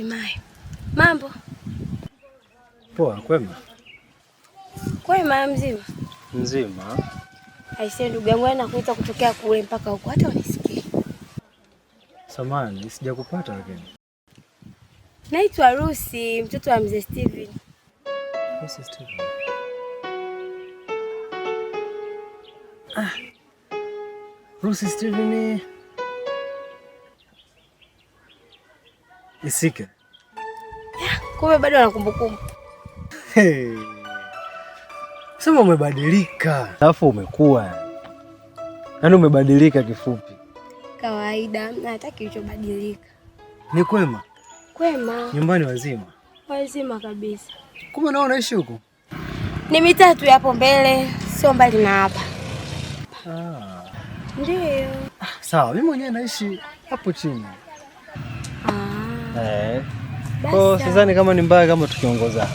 Hatimaye mambo poa? Kwema kwema, mzima mzima. Aisee, ndugu yangu, yaani nakuita kutokea kule mpaka huko, hata unisikie. Samani sijakupata, lakini naitwa Rusi, mtoto wa mzee Steven. Rusi Steven. Ah. Rusi Steven. Isike. kumbe bado ana kumbukumbu. Hey. Sema umebadilika. Alafu umekuwa. Yaani umebadilika kifupi. Kawaida, nataka kilichobadilika. Ni kwema? Kwema. Nyumbani wazima? Wazima kabisa. Kumbe nao unaishi huko? Ni mitatu yapo mbele, sio mbali na hapa. Ah. Ndio. Ah, sawa, mimi mwenyewe naishi hapo chini. Eh. Kwa sidhani kama ni mbaya kama tukiongoza.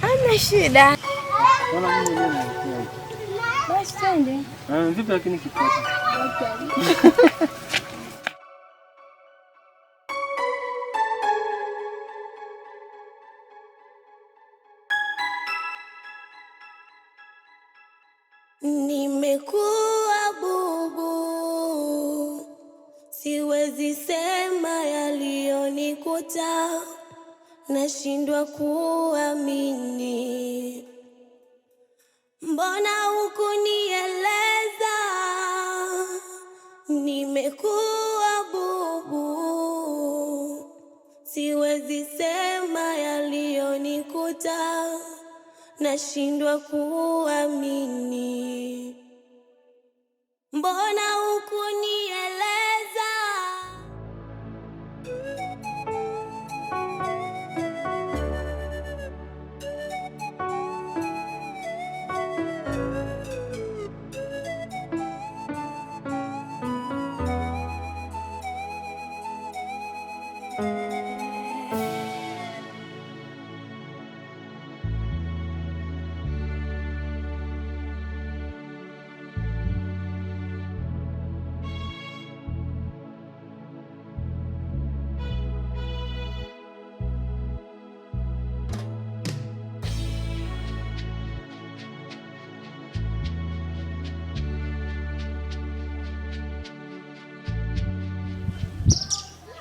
Hamna shida. Basi twende. Ah, vipi lakini kitu. nashindwa kuamini, mbona hukunieleza? Nimekuwa bubu, siwezi sema yaliyonikuta, nashindwa kuamini, mbona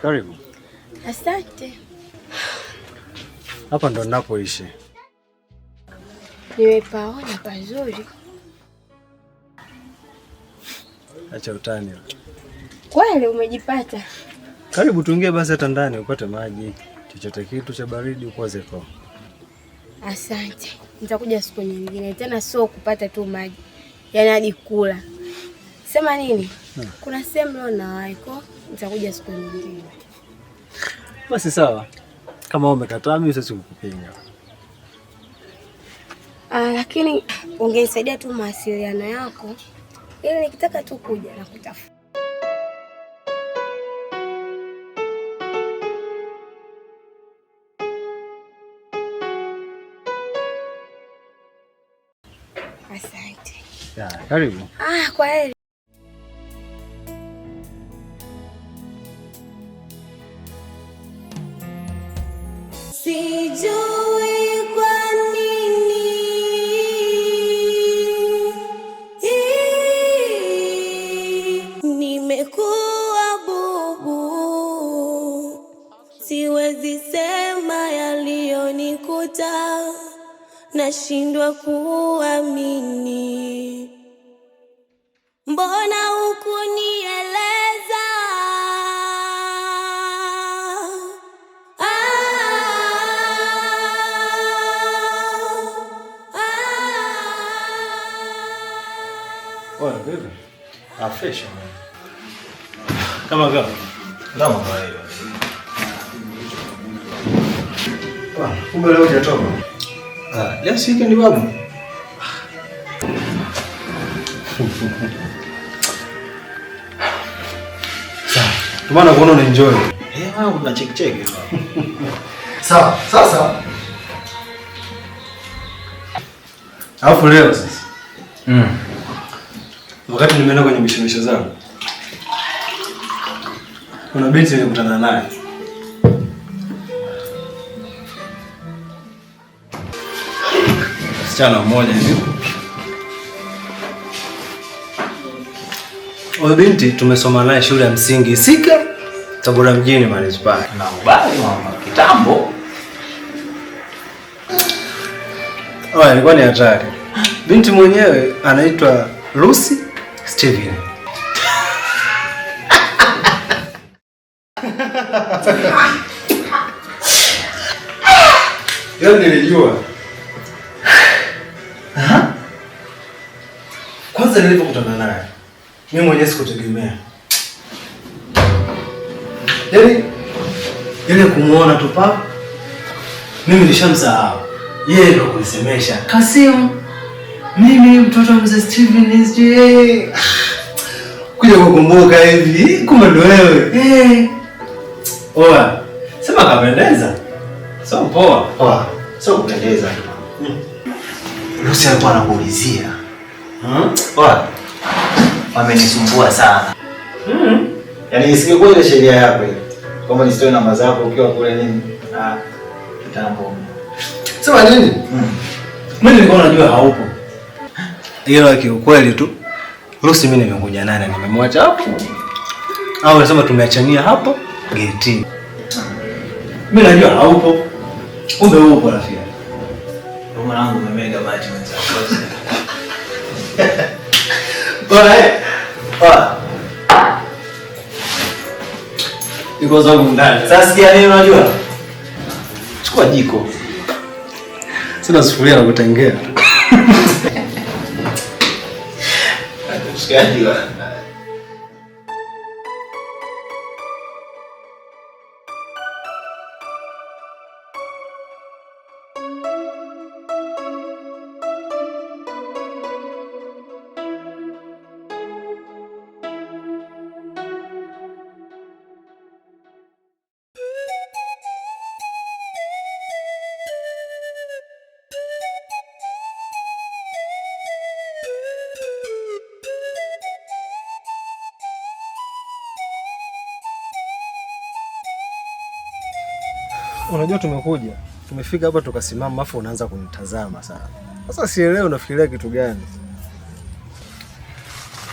Karibu. Asante. Hapa ndo ninapoishi. Nimepaona pazuri. Acha utani. Kweli umejipata. Karibu tuingie basi hata ndani upate maji, chochote kitu cha baridi ukoze kwa. Asante. Nitakuja siku nyingine tena, sio kupata tu maji, yaani hadi kula. Sema nini? Hmm. Kuna sehemu leo na waiko nitakuja siku nyingine. Basi sawa, kama umekataa mimi siwezi kukupinga. Ah, lakini ungenisaidia tu mawasiliano yako ili yaani nikitaka tu kuja na kutafuta karibu. Ah, kwa heri. na ah, fresh kama kama kama kawaida. Kumbe leo hujatoka? Ah, leo si weekend babu. Tumana kuona una enjoy. Eh, wewe ah, una check check babu. Sawa, sasa. Alafu leo sasa. Mm wakati nimeenda kwenye mishemisho zangu, kuna binti nimekutana naye msichana mmoja hivi. Huyo binti tumesoma naye shule ya msingi Sika, Tabora mjini manispaa. Na ubali mama kitambo. Oh, ilikuwa ni hatari. Binti mwenyewe anaitwa Lucy Steven. Yaani Leo nilijua. Aha. Kwanza nilipokutana naye, mimi mwenyewe sikutegemea. Yaani ile kumuona tu pa mimi nilishamsahau. Yeye ndo kunisemesha. Kasimu mimi mtoto wa mzee Steven SJ kuja kukumbuka hivi, kumbe ndo wewe hey. Eh. Oa sema kapendeza, sio poa. poa, sio kupendeza, Lucy alikuwa anakuulizia hmm? Oa wamenisumbua sana hmm. Yaani isingekuwa ile sheria yako ile kama nisitoe namba zako ukiwa kule nini ah, kitambo. Sema nini? Hmm. Mimi nilikuwa najua haupo ila kiukweli tu Lucy mimi nimekuja nani, nimemwacha hapo au nasema tumeachania hapo geti. Mimi najua haupo, kumbe upo rafiki. Mwanangu umemega maji Ah. Niko zangu ndani. Sasa sikia nini unajua? Chukua jiko. Sina sufuria na kutengea. schedule Unajua tumekuja tumefika hapa tukasimama, afu unaanza kunitazama sana. Sasa sielewi unafikiria kitu gani?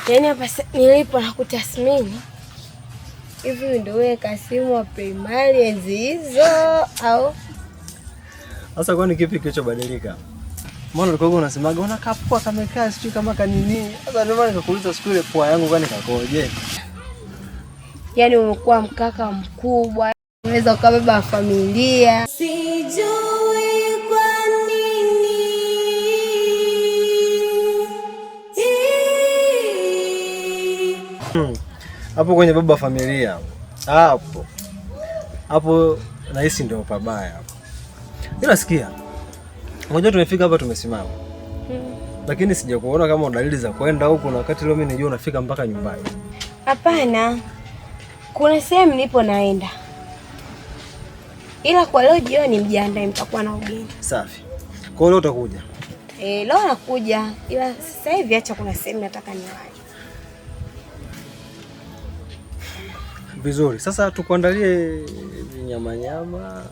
Yaani hapa nilipo nakutathmini hivi, ndio wewe Kasimu wa primary enzi hizo au sasa? Kwani kipi kilichobadilika? Mbona ulikuwa unasemaga una kapua kamekaa sijui kama kanini? Sasa ndio maana nikakuuliza siku ile pua yangu kwani kakoje? Yaani umekuwa mkaka mkubwa unaweza ukabeba familia. Sijui kwa nini hmm. hapo kwenye baba familia hapo hapo nahisi ndio pabaya hapo, ila sikia, unajua tumefika hapa tumesimama hmm. lakini sijakuona kama dalili za kwenda huko, na wakati leo mimi najua unafika mpaka nyumbani. Hapana, kuna sehemu nipo naenda ila kwa leo jioni mjiandae, mtakuwa na ugeni. Safi. Kwa hiyo leo utakuja? Eh, leo nakuja, ila sasa hivi acha, kuna sehemu nataka niwaje. Vizuri, sasa tukuandalie vinyamanyama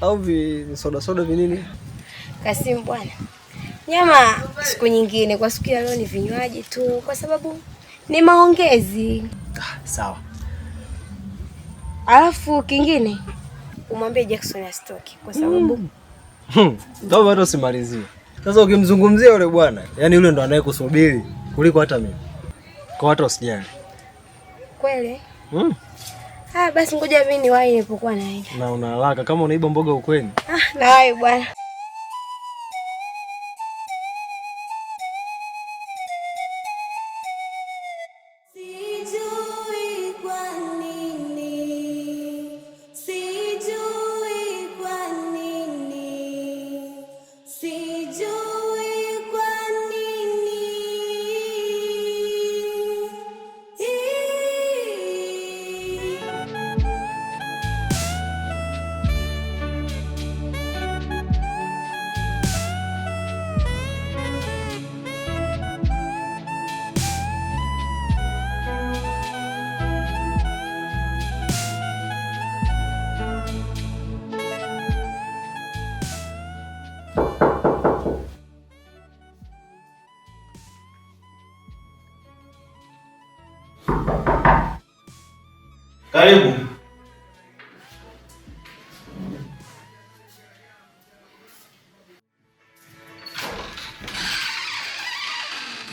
au visodasoda vinini? Kasimu bwana, nyama siku nyingine, kwa siku ya leo ni vinywaji tu, kwa sababu ni maongezi. Ah, sawa. Alafu kingine umwambie Jackson asitoke kwa sababu mm. hmm. bado simalizie. Sasa ukimzungumzia yule bwana, yani yule ndo anayekusubiri kuliko hata mimi. Kwa watu usijali. Kweli? Mm. Ah, basi ngoja mimi niwahi nilipokuwa naenda. Na una haraka kama unaiba mboga ukweni. Ah, na bwana.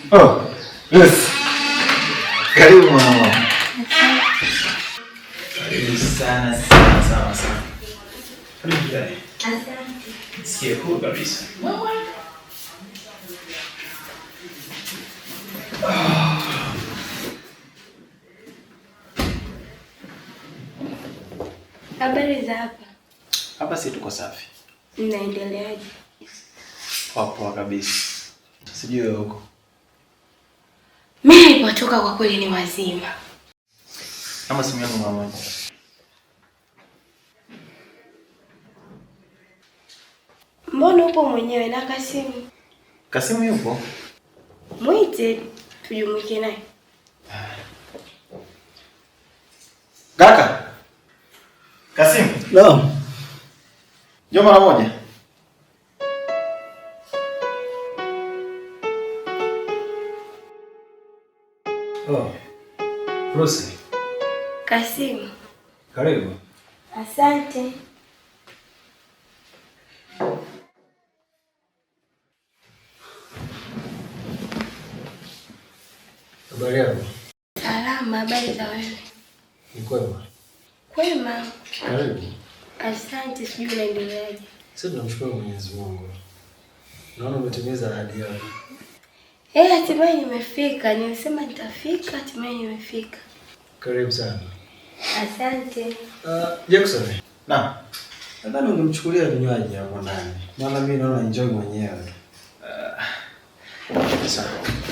Oh, yes. Karibu mama. Karibu sana sana sana sana. Sikia huru kabisa. Ah. Habari za hapa? Hapa si tuko safi. Mnaendeleaje? Poa poa kabisa. Sijui huko nilipotoka kwa kweli ni wazima. Kama simu yangu mama. Mbona upo mwenyewe na Kasimu? Kasimu yupo? Mwite tujumuike naye. Kaka. Kasimu. Naam. Njoo mara moja. Rose. Kasimu. Karibu. Asante. Habari yako? Salama, habari za wewe? Ni kwema. Kwema. Karibu. Asante, sijui unaendeleaje. Sasa tunamshukuru Mwenyezi Mungu. Naona umetimiza ahadi yako. Eh, hatimaye nimefika. Nilisema nitafika, hatimaye nimefika. Karibu sana. Asante. Uh, Jackson. Na. Nadhani ungemchukulia vinywaji hapo ndani. Maana mimi naona enjoy mwenyewe. Uh, ah, sawa.